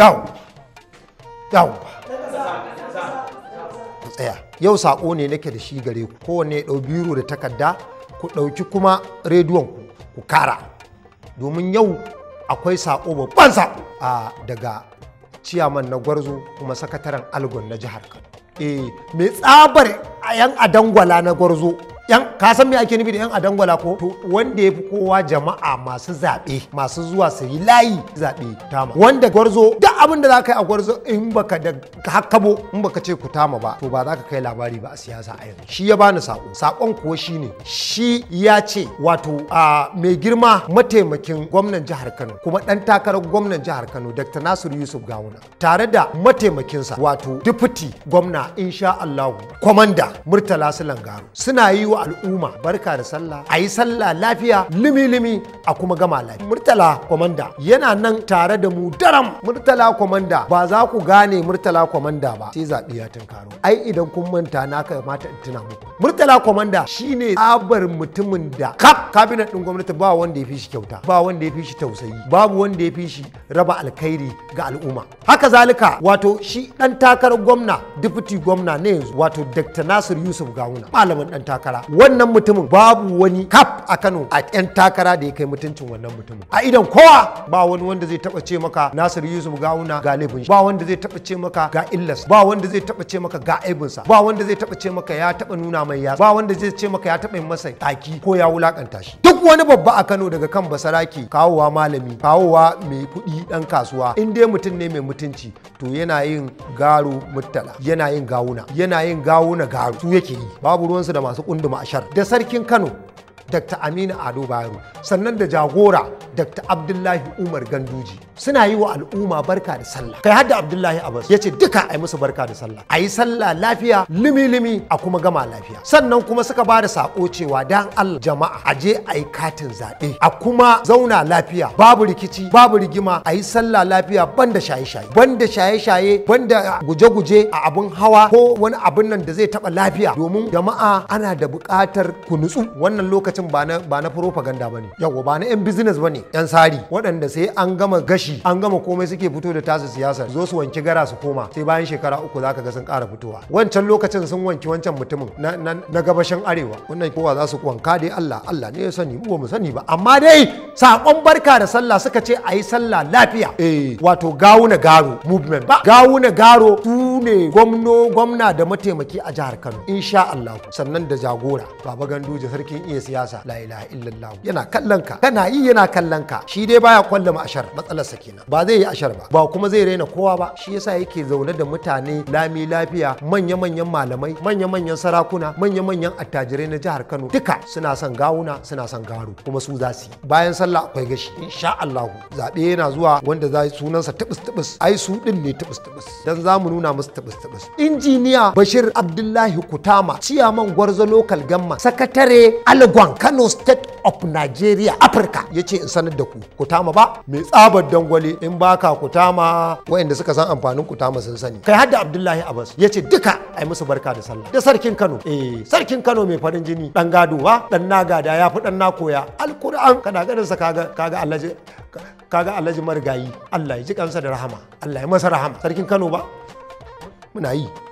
yau yau ku tsaya yau saƙo ne nake da shi gare ku kowanne ɗau biro da takarda ku ɗauki kuma rediyon ku kara domin yau akwai saƙo babban saƙo daga ciyaman na gwarzo kuma sakataren algon na jihar kano eh mai tsabar a yan adangwala na gwarzo yan ka san me ake nufi da yan adangwala ko to wanda yafi kowa jama'a masu zabe masu zuwa su yi layi zabe tama wanda gwarzo duk abin da zaka yi a gwarzo in baka da hakkabo in baka ce ku tama ba to ba za ka kai labari ba a siyasa a yanzu shi ya bani sako sakon kuwa shine shi ya ce wato a mai girma mataimakin gwamnan jihar Kano kuma dan takarar gwamnan jihar Kano Dr. Nasiru Yusuf Gawuna tare da mataimakinsa wato deputy gwamna insha Allahu kwamanda Murtala Sulan suna yi wa al'umma barka da sallah a yi sallah lafiya limi-limi a kuma gama lafiya murtala kwamanda yana nan tare da mu daram murtala kwamanda ba za ku gane murtala kwamanda ba sai zaɓi ya tunkaro ai idan kun manta na kamata in tuna muku murtala komanda ne abar mutumin da kaf kabinet ɗin gwamnati ba wanda ya fi shi kyauta ba wanda ya fi shi tausayi babu wanda ya fi shi raba alkhairi ga al'umma haka zalika wato shi ɗan takarar gwamna deputy gwamna ne yanzu wato dr nasir yusuf gawuna malamin ɗan takara wannan mutumin babu wani kaf a Kano a ƴan takara da ya kai mutuncin wannan mutumin a idan kowa ba wani wanda zai taba ce maka Nasiru Yusuf Gawuna ga laifin ba wanda zai taba ce maka ga illas ba wanda zai taba ce maka ga aibinsa ba wanda zai taba ce maka ya taba nuna mai ya ba wanda zai ce maka ya taba yin masa taki ko ya wulakanta shi duk wani babba a Kano daga kan basaraki kawowa malami kawowa mai kuɗi dan kasuwa in dai mutum ne mai mutunci to yana yin garo muttala yana yin gawuna yana yin gawuna garo su yake yi babu ruwansu da masu kunduma ashar da sarkin Kano dr aminu ado bayero sannan da jagora Dr. Abdullahi Umar Ganduji suna yi wa al'umma barka da sallah kai hadda Abdullahi Abbas ce duka yi musu barka da sallah A yi sallah lafiya limi limi a kuma gama lafiya sannan kuma suka ba da sako cewa dan Allah jama'a a je a yi katin zaɓe a kuma zauna lafiya babu rikici babu rigima a yi sallah lafiya banda shaye shaye banda shaye shaye banda guje guje a abun hawa ko wani abun nan da zai taɓa lafiya domin jama'a ana da buƙatar ku nutsu wannan lokacin ba na ba ne yawwa ba na yan business ne. ne yan sari waɗanda sai an gama gashi an gama komai suke fito da tasu siyasar zo su wanki gara su koma sai bayan shekara uku za ka ga sun ƙara fitowa wancan lokacin sun wanke wancan mutumin na gabashin arewa wannan kowa za su wanka dai Allah Allah ne ya sani mu mu sani ba amma dai sakon barka da sallah suka ce a yi sallah lafiya eh wato gawuna garo movement ba gawuna garo su ne gwamno gwamna da mataimaki a jihar Kano insha Allah sannan da jagora baba ganduje sarkin iya siyasa la ilaha illallah yana kallon ka kana yi yana kallon kallon shi dai baya kwallama ashar matsalarsa kenan ba zai yi ashar ba ba kuma zai raina kowa ba shi yasa yake zaune da mutane lami lafiya manya-manyan malamai manya-manyan sarakuna manya-manyan attajirai na jihar Kano duka suna son gawuna suna son garu kuma su za su yi bayan sallah akwai gashi insha Allahu zabe yana zuwa wanda za sunansa tubus tubus ai su din ne tubus tubus dan za mu nuna musu tubus tubus injiniya Bashir Abdullahi Kutama ciyaman gwarzo local gamma sakatare Algon Kano state of Nigeria Africa yace in sanar da ku kutama ba mai tsabar dangwale in baka kutama wayanda suka san amfanin kutama sun sani kai hadda abdullahi abbas ya ce duka ai musu barka da sallah da sarkin kano eh sarkin kano mai farin jini dan gado ba dan naga ya fi dan na koya alkur'an kana ganin sa kaga kaga alhaji kaga alhaji marigayi Allah ya ji kansa da rahama Allah ya masa rahama sarkin kano ba muna yi